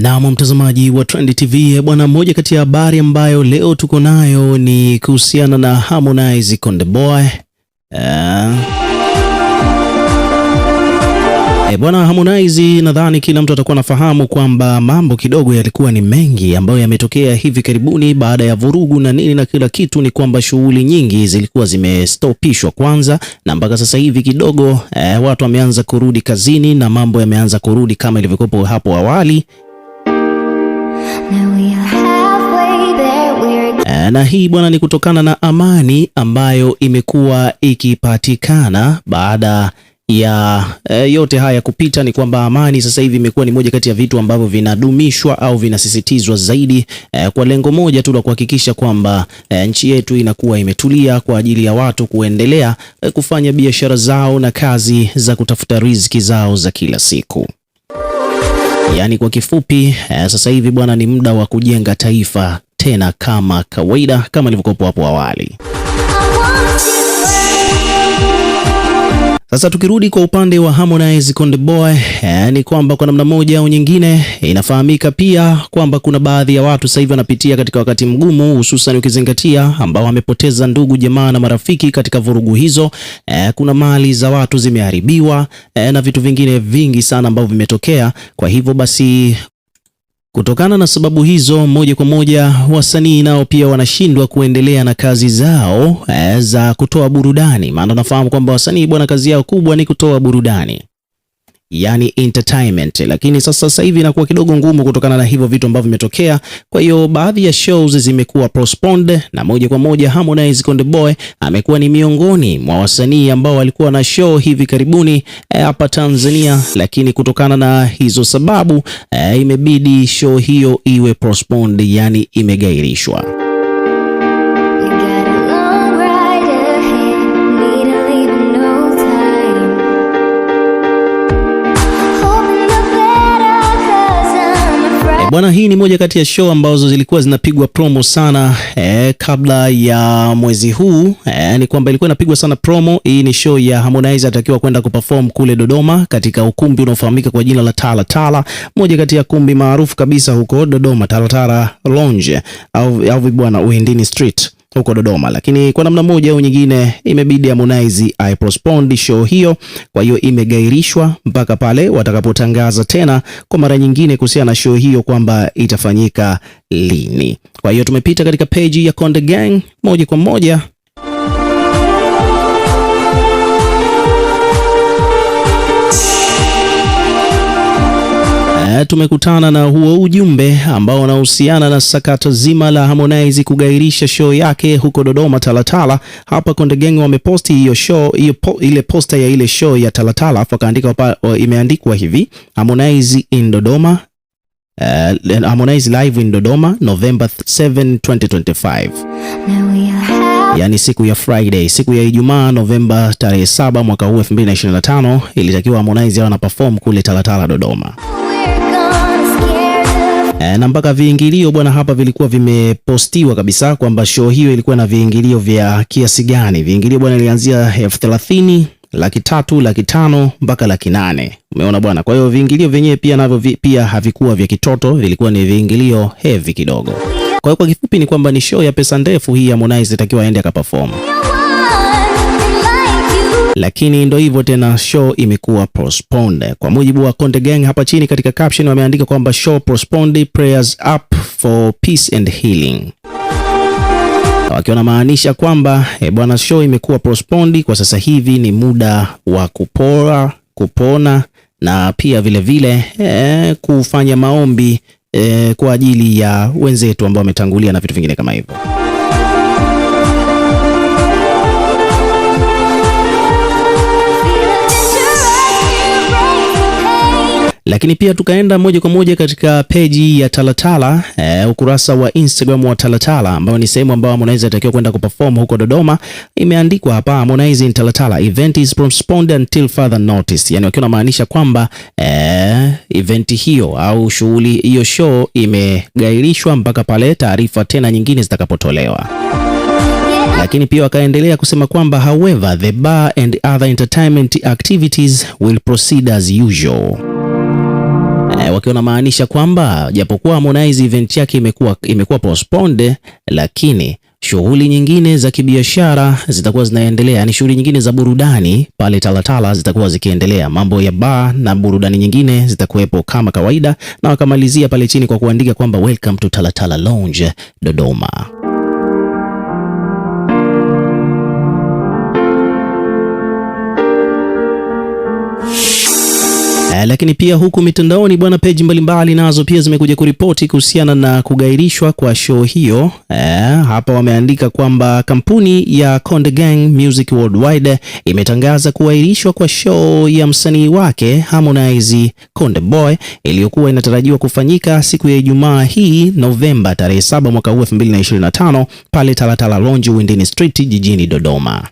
Naam, mtazamaji wa Trend TV bwana, mmoja kati ya habari ambayo leo tuko nayo ni kuhusiana na Harmonize Konde Boy uh... E, bwana Harmonize, nadhani kila mtu atakuwa anafahamu kwamba mambo kidogo yalikuwa ni mengi ambayo yametokea hivi karibuni baada ya vurugu na nini na kila kitu. Ni kwamba shughuli nyingi zilikuwa zimestopishwa kwanza, na mpaka sasa hivi kidogo e, watu wameanza kurudi kazini na mambo yameanza kurudi kama ilivyokuwa hapo awali Eh, na hii bwana ni kutokana na amani ambayo imekuwa ikipatikana baada ya e, yote haya kupita. Ni kwamba amani sasa hivi imekuwa ni moja kati ya vitu ambavyo vinadumishwa au vinasisitizwa zaidi e, kwa lengo moja tu la kuhakikisha kwamba e, nchi yetu inakuwa imetulia kwa ajili ya watu kuendelea e, kufanya biashara zao na kazi za kutafuta riziki zao za kila siku. Yaani kwa kifupi eh, sasa hivi bwana ni muda wa kujenga taifa tena kama kawaida kama ilivyokuwa hapo awali. Sasa tukirudi kwa upande wa Harmonize Konde Boy eh, ni kwamba kwa namna moja au nyingine eh, inafahamika pia kwamba kuna baadhi ya watu sasa hivi wanapitia katika wakati mgumu, hususan ukizingatia ambao wamepoteza ndugu, jamaa na marafiki katika vurugu hizo. Eh, kuna mali za watu zimeharibiwa eh, na vitu vingine vingi sana ambavyo vimetokea. Kwa hivyo basi Kutokana na sababu hizo, moja kwa moja wasanii nao pia wanashindwa kuendelea na kazi zao eh, za kutoa burudani, maana unafahamu kwamba wasanii bwana, kazi yao kubwa ni kutoa burudani yani entertainment, lakini sasa sasa hivi inakuwa kidogo ngumu kutokana na hivyo vitu ambavyo vimetokea. Kwa hiyo baadhi ya shows zimekuwa postponed, na moja kwa moja Harmonize Konde Boy amekuwa ni miongoni mwa wasanii ambao walikuwa na show hivi karibuni eh, hapa e, Tanzania, lakini kutokana na hizo sababu e, imebidi show hiyo iwe postponed, yani imegairishwa. Bwana, hii ni moja kati ya show ambazo zilikuwa zinapigwa promo sana e, kabla ya mwezi huu e, ni kwamba ilikuwa inapigwa sana promo. Hii ni show ya Harmonize atakiwa kwenda kuperform kule Dodoma katika ukumbi unaofahamika kwa jina la Tala Tala, moja kati ya kumbi maarufu kabisa huko Dodoma, Tala Tala Lounge au, au bwana Uhindini Street huko Dodoma, lakini kwa namna moja au nyingine imebidi Harmonize postpone show hiyo. Kwa hiyo imegairishwa mpaka pale watakapotangaza tena kwa mara nyingine kuhusiana na show hiyo kwamba itafanyika lini. Kwa hiyo tumepita katika peji ya Konde Gang moja kwa moja Eh, tumekutana na huo ujumbe ambao unahusiana na sakata zima la Harmonize kugairisha show yake huko Dodoma Talatala. Hapa Konde Gang wameposti hiyo show hiyo po, ile posta ya ile show ya Talatala, afu akaandika imeandikwa hivi Harmonize in Dodoma uh, Harmonize live in Dodoma November 7, 2025 yaani siku ya Friday, siku ya Ijumaa Novemba tarehe 7 mwaka huu 2025, ilitakiwa Harmonize awe na perform kule Talatala Dodoma e, na mpaka viingilio bwana hapa vilikuwa vimepostiwa kabisa kwamba show hiyo ilikuwa na viingilio vya kiasi gani. Viingilio bwana ilianzia elfu thelathini laki tatu laki tano mpaka laki nane Umeona bwana, kwa hiyo viingilio vyenyewe pia navyo pia havikuwa vya kitoto, vilikuwa ni viingilio heavy kidogo. Kwa hiyo kwa kifupi ni kwamba ni show ya pesa ndefu hii ya Harmonize, itakiwa aende akaperform lakini ndo hivyo tena, show imekuwa postponed. Kwa mujibu wa Konde Gang hapa chini katika caption wameandika kwamba show postponed, prayers up for peace and healing wakiwa maanisha kwamba e, bwana show imekuwa postponed kwa sasa hivi, ni muda wa kupora kupona na pia vilevile vile, e, kufanya maombi e, kwa ajili ya wenzetu ambao wametangulia na vitu vingine kama hivyo. Lakini pia tukaenda moja kwa moja katika peji ya Talatala e, ukurasa wa Instagram wa Talatala ambao ni sehemu ambayo Harmonize atakiwa kwenda kuperform huko Dodoma. Imeandikwa hapa Harmonize in Talatala, event is postponed until further notice, yani wakiwa namaanisha kwamba e, event hiyo au shughuli hiyo show imegairishwa mpaka pale taarifa tena nyingine zitakapotolewa lakini pia wakaendelea kusema kwamba however the bar and other entertainment activities will proceed as usual wakiwa wanamaanisha kwamba japokuwa Harmonize event yake imekuwa imekuwa postponed, lakini shughuli nyingine za kibiashara zitakuwa zinaendelea, yani shughuli nyingine za burudani pale Talatala zitakuwa zikiendelea, mambo ya bar na burudani nyingine zitakuwepo kama kawaida, na wakamalizia pale chini kwa kuandika kwamba welcome to Talatala Lounge Dodoma. Eh, lakini pia huku mitandaoni bwana, peji mbalimbali nazo pia zimekuja kuripoti kuhusiana na kugairishwa kwa show hiyo. E, hapa wameandika kwamba kampuni ya Konde Gang Music Worldwide imetangaza kuahirishwa kwa show ya msanii wake Harmonize Konde Boy iliyokuwa inatarajiwa kufanyika siku ya Ijumaa hii Novemba tarehe 7 mwaka huu 2025 pale Talatala Lounge Windini Street jijini Dodoma.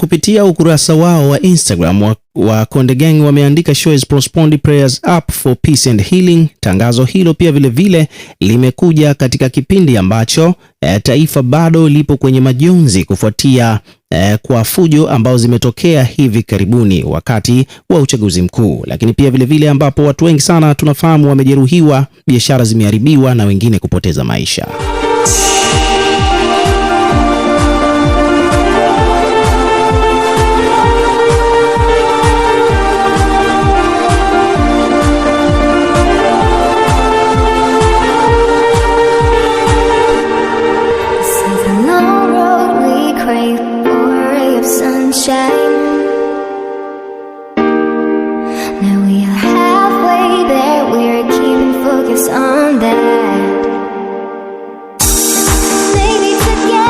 kupitia ukurasa wao wa Instagram wa, wa Konde Gang wameandika show is postponed prayers up for peace and healing. Tangazo hilo pia vilevile vile, limekuja katika kipindi ambacho eh, taifa bado lipo kwenye majonzi kufuatia eh, kwa fujo ambazo zimetokea hivi karibuni wakati wa uchaguzi mkuu, lakini pia vilevile vile ambapo watu wengi sana tunafahamu wamejeruhiwa, biashara zimeharibiwa na wengine kupoteza maisha.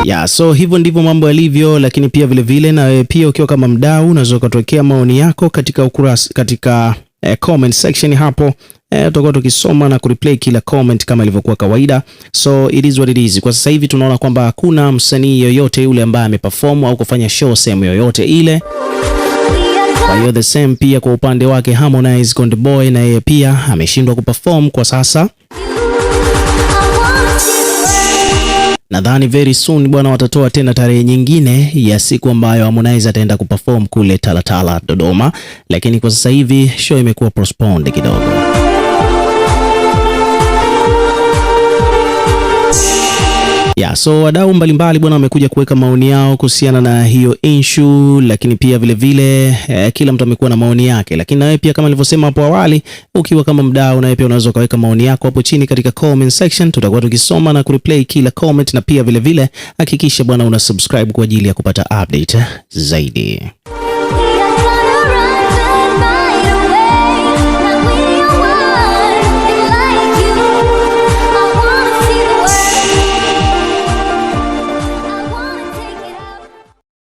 Ya, so hivyo ndivyo mambo yalivyo, lakini pia vilevile na wewe eh, pia ukiwa kama mdau unaweza ukatuwekea maoni yako katika ukurasa, katika eh, comment section hapo eh, tutakuwa tukisoma na kureplay kila comment kama ilivyokuwa kawaida. So it is what it is. Kwa sasa hivi tunaona kwamba hakuna msanii yoyote yule ambaye ameperform au kufanya show sehemu yoyote ile. Kwa hiyo the same pia kwa upande wake Harmonize Konde Boy na yeye pia ameshindwa kuperform kwa sasa. nadhani very soon bwana, watatoa tena tarehe nyingine ya siku ambayo Harmonize ataenda kuperform kule Talatala Dodoma, lakini kwa sasa hivi show imekuwa postponed kidogo. ya so wadau mbalimbali bwana wamekuja kuweka maoni yao kuhusiana na hiyo issue, lakini pia vilevile vile, eh, kila mtu amekuwa na maoni yake, lakini nawe pia kama nilivyosema hapo awali, ukiwa kama mdau nawe pia unaweza ukaweka maoni yako hapo chini katika comment section, tutakuwa tukisoma na kureplay kila comment, na pia vilevile hakikisha vile, bwana una subscribe kwa ajili ya kupata update zaidi.